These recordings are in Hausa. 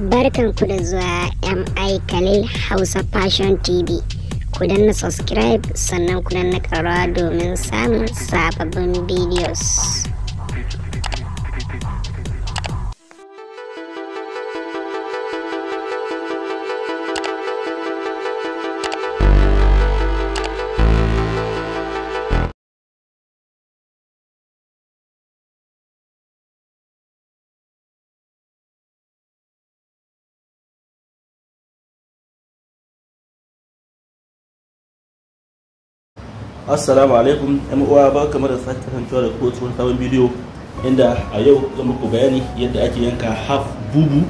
Barkanku da zuwa MI Khalil Hausa Fashion TV. Ku danna subscribe sannan ku danna ƙarawa domin samun sababbin videos. assalamu alaikum yan uwa ba kamar da sake kasancewa da kotu wani sabon bidiyo inda a yau zan muku bayani yadda ake yanka half bubu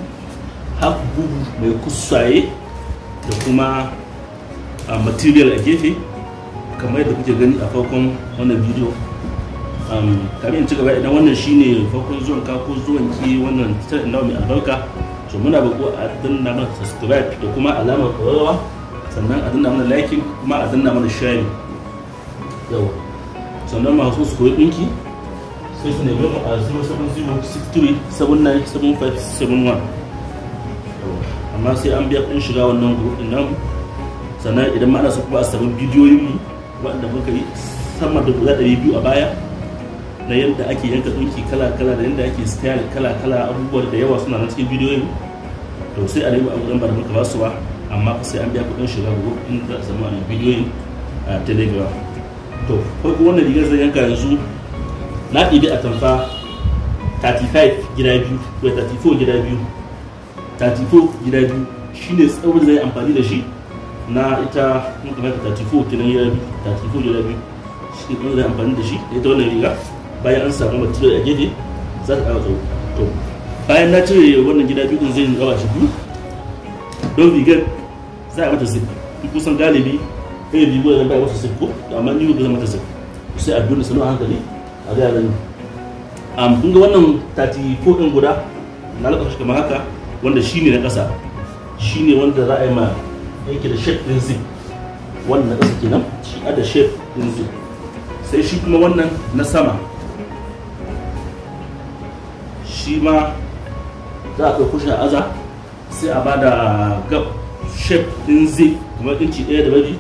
half bubu mai kusaye da kuma a ah, material a gefe kamar yadda kuke gani a farkon wannan bidiyo kamar in ci gaba idan wannan shine farkon zuwan ka ko zuwan ki wannan tattalin nawa mai albarka to muna bako a danna mana subscribe da kuma alamar kwarawa sannan a danna mana liking kuma a danna mana sharing yawa sannan masu su koyi ɗinki sai su nemi a 07063797571 amma sai an biya kuɗin shiga wannan gurufin nan sannan idan ma'ana su kuma a samu bidiyoyin mu waɗanda muka yi sama da guda ɗari biyu a baya na yadda ake yanka ɗinki kala-kala da yadda ake style kala-kala abubuwan da yawa suna nan cikin bidiyoyin to sai a nemi a gudan ba da muka ba su ba amma sai an biya kuɗin shiga gurufin da a samu a bidiyoyin a telegram to farko wannan rigar zai yanka yanzu na ɗibi a tamfa 35 gida biyu ko 34 gida biyu 34 gida biyu shine tsawon zai amfani da shi na ita muka haka 34 kinan gida biyu 34 gida biyu shi ne tsawon zai amfani da shi da ita wannan riga bayan an samu material a gefe za ta kawo tsawo to bayan na cire wannan gida biyu zai yi ƙawa shi biyu don rigar za a mata zip kusan galibi kai bi goyon bai wasu sikku amma ni goyon mata sikku sai a dole sanu hankali a ga yaran am kun ga wannan ko din guda na lokacin kamar haka wanda shi ne na kasa ne wanda za a yi ma yake da shape din zip wannan na kasa kenan shi a da shape din zip sai shi kuma wannan na sama shi ma za a kai kushin aza sai a ba da gab shape din zip kamar inci ɗaya da rabi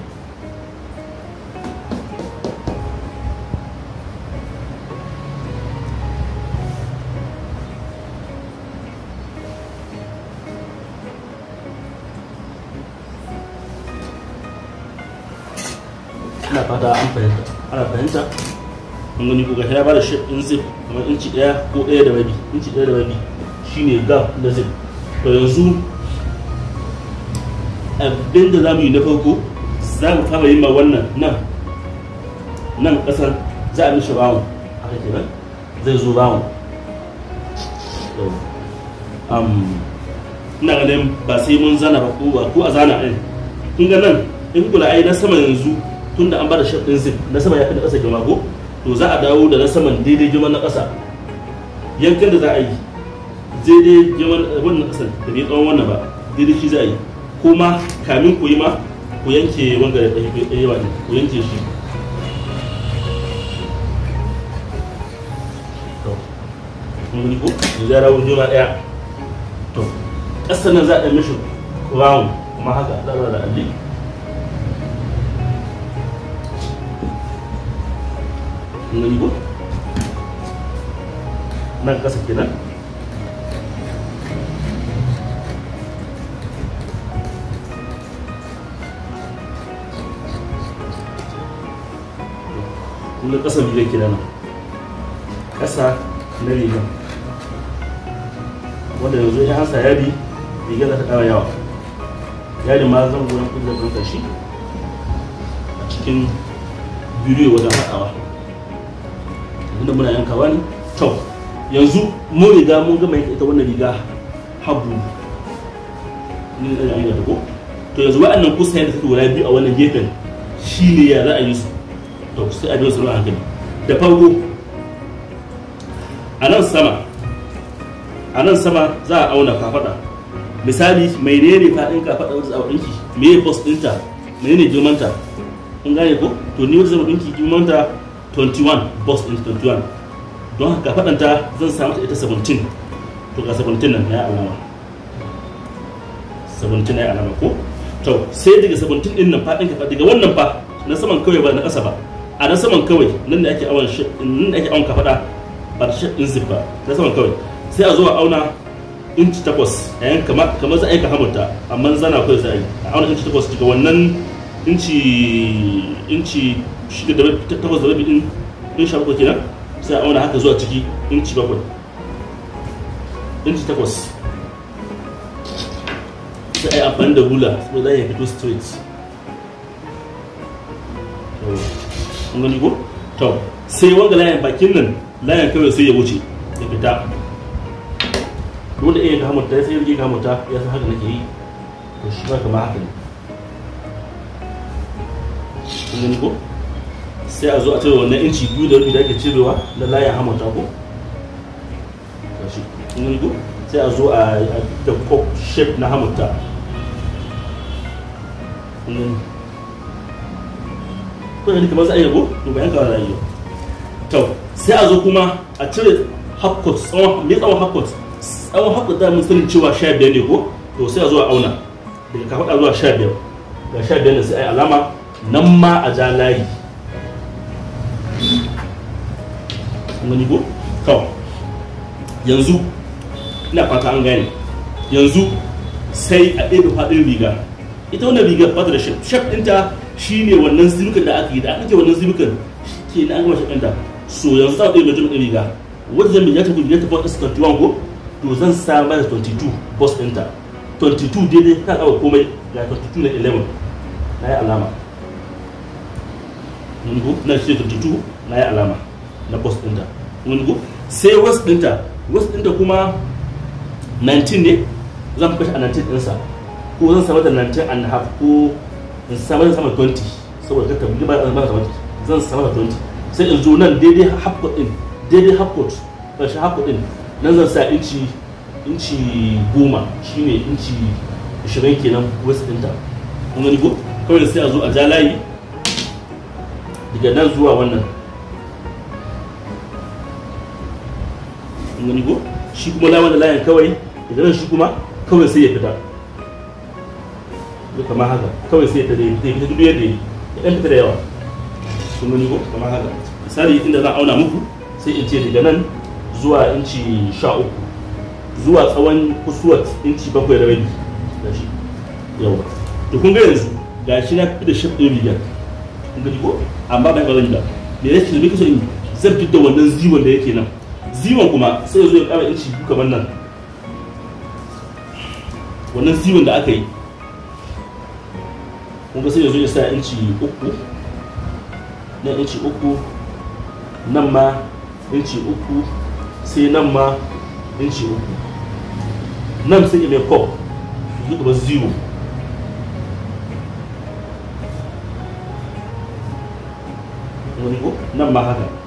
fata an fahimta ana fahimta an gani ko gashi ya bada shi in zip kamar inci daya ko daya da rabi inci daya da rabi shine gap da zip to yanzu abin da za mu yi na farko za mu fara yin ma wannan nan nan kasan za a mishi bawon haka kenan zai zo bawon ina ganin ba sai mun zana ba ko a zana ɗin kun ga nan in kula ai na sama yanzu tunda an bada shaf zin na sama ya fi na ƙasa girma to za a dawo da na saman daidai girman na ƙasa yankin da za a yi daidai girman wannan ƙasa da bai tsawon wannan ba daidai shi za a yi kuma kamin ku yi ma ku yanke wanga da yawa ne ku yanke shi ya dawo juna ɗaya to ƙasa nan za a yi mishi round kuma haka za a da alli kun gani ko nan kasa kenan kun ga kasa rigar kenan kasa na rigar wanda yanzu ya hasa yadi rigar za ta kara yawa yadi ma zan goyon kudin da shi a cikin bidiyo wajen haɗawa inda muna yankawa ne to yanzu mun riga mun gama yanka ita wannan riga habu ni da ina da ko to yanzu wa'annan kusayen da suke guda biyu a wannan gefen shine ya za a yi su to sai a biyo su a hankali da farko a nan sama a nan sama za a auna kafada misali mai ne ne faɗin kafada wanda za a ɗinki me ya bus ɗinta me ne girmanta kun gane ko to ni wanda zama ɗinki girmanta 21 box din 21 don haka faɗanta zan samu ita 17 to ga 17 nan ya alama 17 ya alama ko to sai daga 17 din nan faɗin kafa daga wannan fa na saman kawai ba na ƙasa ba a na saman kawai nan da ake awon nan da ake awon kafaɗa ba da shaɗin zip ba na saman kawai sai a zo a auna inci takwas yayin kamar kamar za a yi ka hamurta amma zana kawai za a yi a auna inci takwas daga wannan inci inci da rabi din in sha bakwai kenan sai a auna haka zuwa ciki inci bakwai inci takwas sai a yi da hula ya fito straight layan bakin nan layan kawai sai ya wuce ya fita wanda iya ga ya sai ya ga ta ya san haka nake yi to shi ba kama haka ne sai a zo a cire wannan inci biyu da rubi da ake cirewa na layin hamata ko sai a zo a da cup shape na hamata ko yadda kamar za a yi rago to bayan kawai rayu a to sai a zo kuma a cire half court tsawon me tsawon half court tsawon half court da mun sanin cewa 15 ne ko to sai a zo a auna daga kafaɗa zuwa 15 ga 15 da sai a yi alama nan ma a ja layi gani ko yanzu ina fata an gani yanzu sai a ɗaya faɗin riga ita wannan riga fata ta da shaf shaf ɗinta shine wannan zirukan da aka yi da aka ce wannan zirukan ke na an gama so yanzu za a ɗaya mutum ɗin riga wanda zan ya tafi ya tafi wata ko to zan samar da 22 boss ɗinta 22 daidai komai ga 22 na 11 na yi alama na 22 na yi alama na bus ɗinta ko sai bus dinta bus dinta kuma 19 ne zan kashe a 19 ɗinsa ko zan samu da 19 and half ko in samu da 20 saboda ka bi ba zan samu da 20 zan samu da 20 sai in zo nan daidai half court din daidai half court ƙarshen half court din nan zan sa inci inci goma shine inci 20 kenan bus dinta kun gani ko kawai sai a zo a ja layi daga nan zuwa wannan kun gani ko shi kuma lawan da kawai idan nan shi kuma kawai sai ya fita duka ma haka kawai sai ya fita ya fita duk yadda ya ɗan fita da yawa kun gani ko kamar haka misali inda zan auna muku sai in ce daga nan zuwa inci sha uku zuwa tsawon kusuwat inci bakwai da rabi da shi yawa to kun ga yanzu ga shi na fi da shaf ɗin rigar kun gani ko amma ba yi da me yake da muke so in zan da wannan ziwon da yake nan ziwan kuma sai zo ya kara inci biyu kamar nan wannan ziwan da aka yi kuma sai ya zo ya sa inci uku nan inci uku nan ma inci uku sai nan ma inci uku nan sai ya mai kof yi kuma ziwo nan ma haka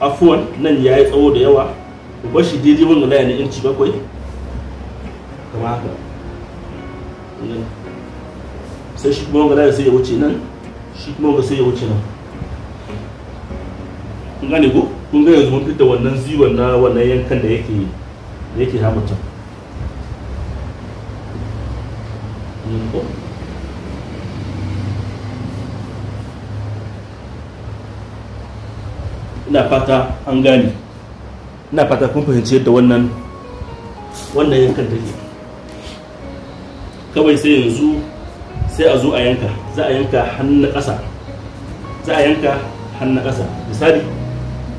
afuwan nan ya yi tsawo da yawa ku bar shi daidai wanda na yana inci bakwai kama haka sai shi kuma wanda sai ya wuce nan shi kuma wanda sai ya wuce nan kun gane ko kun ga yanzu mun fitta wannan ziwon na wannan yankan da yake da yake hamutan ko ina fata an gane ina fata kun fahimci yadda wannan wannan yankan take kawai sai yanzu sai a zo a yanka za a yanka hannu ƙasa za a yanka hannu ƙasa misali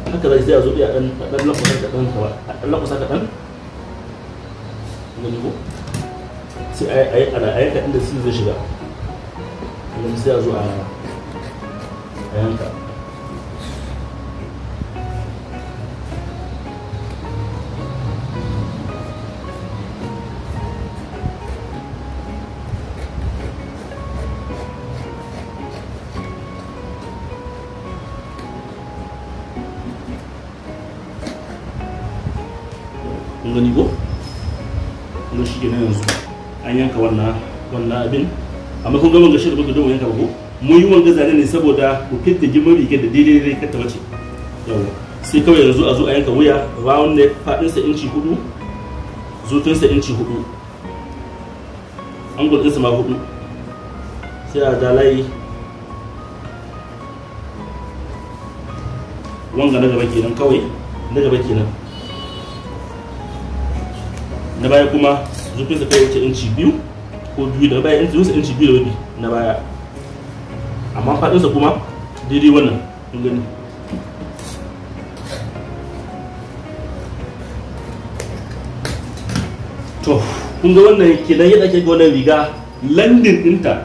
haka zai sai a zo a ɗan lakwasa kaɗan a ɗan lakwasa kaɗan gani ko sai a yi ana a yanka inda su zai shiga sai a zo a yanka kun gani ko kun shi ne yanzu an yanka wannan wannan abin amma kun ga wanga shi da baka dawo yanka ba ko mun yi wanga zane ne saboda ku fitta gimar rigar da daidai dai ka tabace yawa sai kawai yanzu a zo a yanka wuya round neck fadinsa inci hudu zutunsa inci hudu angle ɗinsa ma hudu sai a da layi wanga daga gaba kenan kawai daga gaba kenan na baya kuma sa kai wuce inci biyu ko biyu da baya inci wuce inci biyu da rabi na baya amma faɗinsa kuma daidai wannan in gani to kun ga wannan kenan yadda ake ga wannan riga landin ɗinta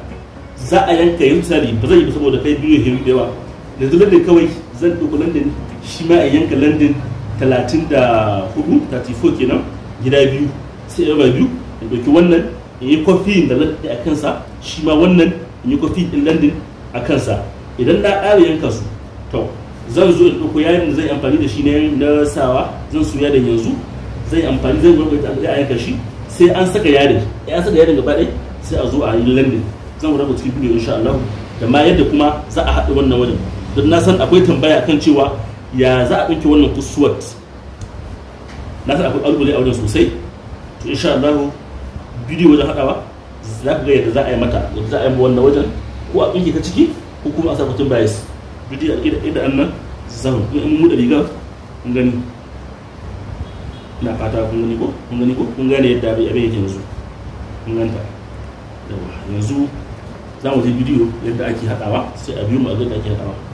za a yanka yin misali ba zai yi saboda kai biyu hiru da yawa yanzu landin kawai zan ɗauki landin shi ma a yanka landin talatin da hudu 34 kenan gida biyu sai ya raba biyu in ɗauki wannan in yi kofi da london a kansa shi ma wannan in yi kofi in london a kansa idan na ƙara yanka su to zan zo in ɗauko yayin da zai amfani da shi na sawa zan ya da yanzu zai amfani zai gurɓata a yanka shi sai an saka yarin ya saka yarin gaba ɗaya sai a zo a yi landin zan gudanar cikin bidiyo insha Allah da ma yadda kuma za a haɗa wannan wajen don na san akwai tambaya kan cewa ya za a ɗauke wannan kusuwat na san akwai ƙalubale a wajen sosai insha Allah bidiyo wajen hadawa za ka ga yadda za a yi mata yadda za a yi wannan wajen ko a tsinke ta ciki ko kuma a sa mutum bias bidiyo a ƙida ƙida annan zamu in mu da riga mun gani na fata kun gani ko kun gani ko kun gane yadda abin abin yake yanzu kun ganta yawa yanzu za mu je bidiyo yadda ake hadawa sai a biyu mu a ga yadda ake hadawa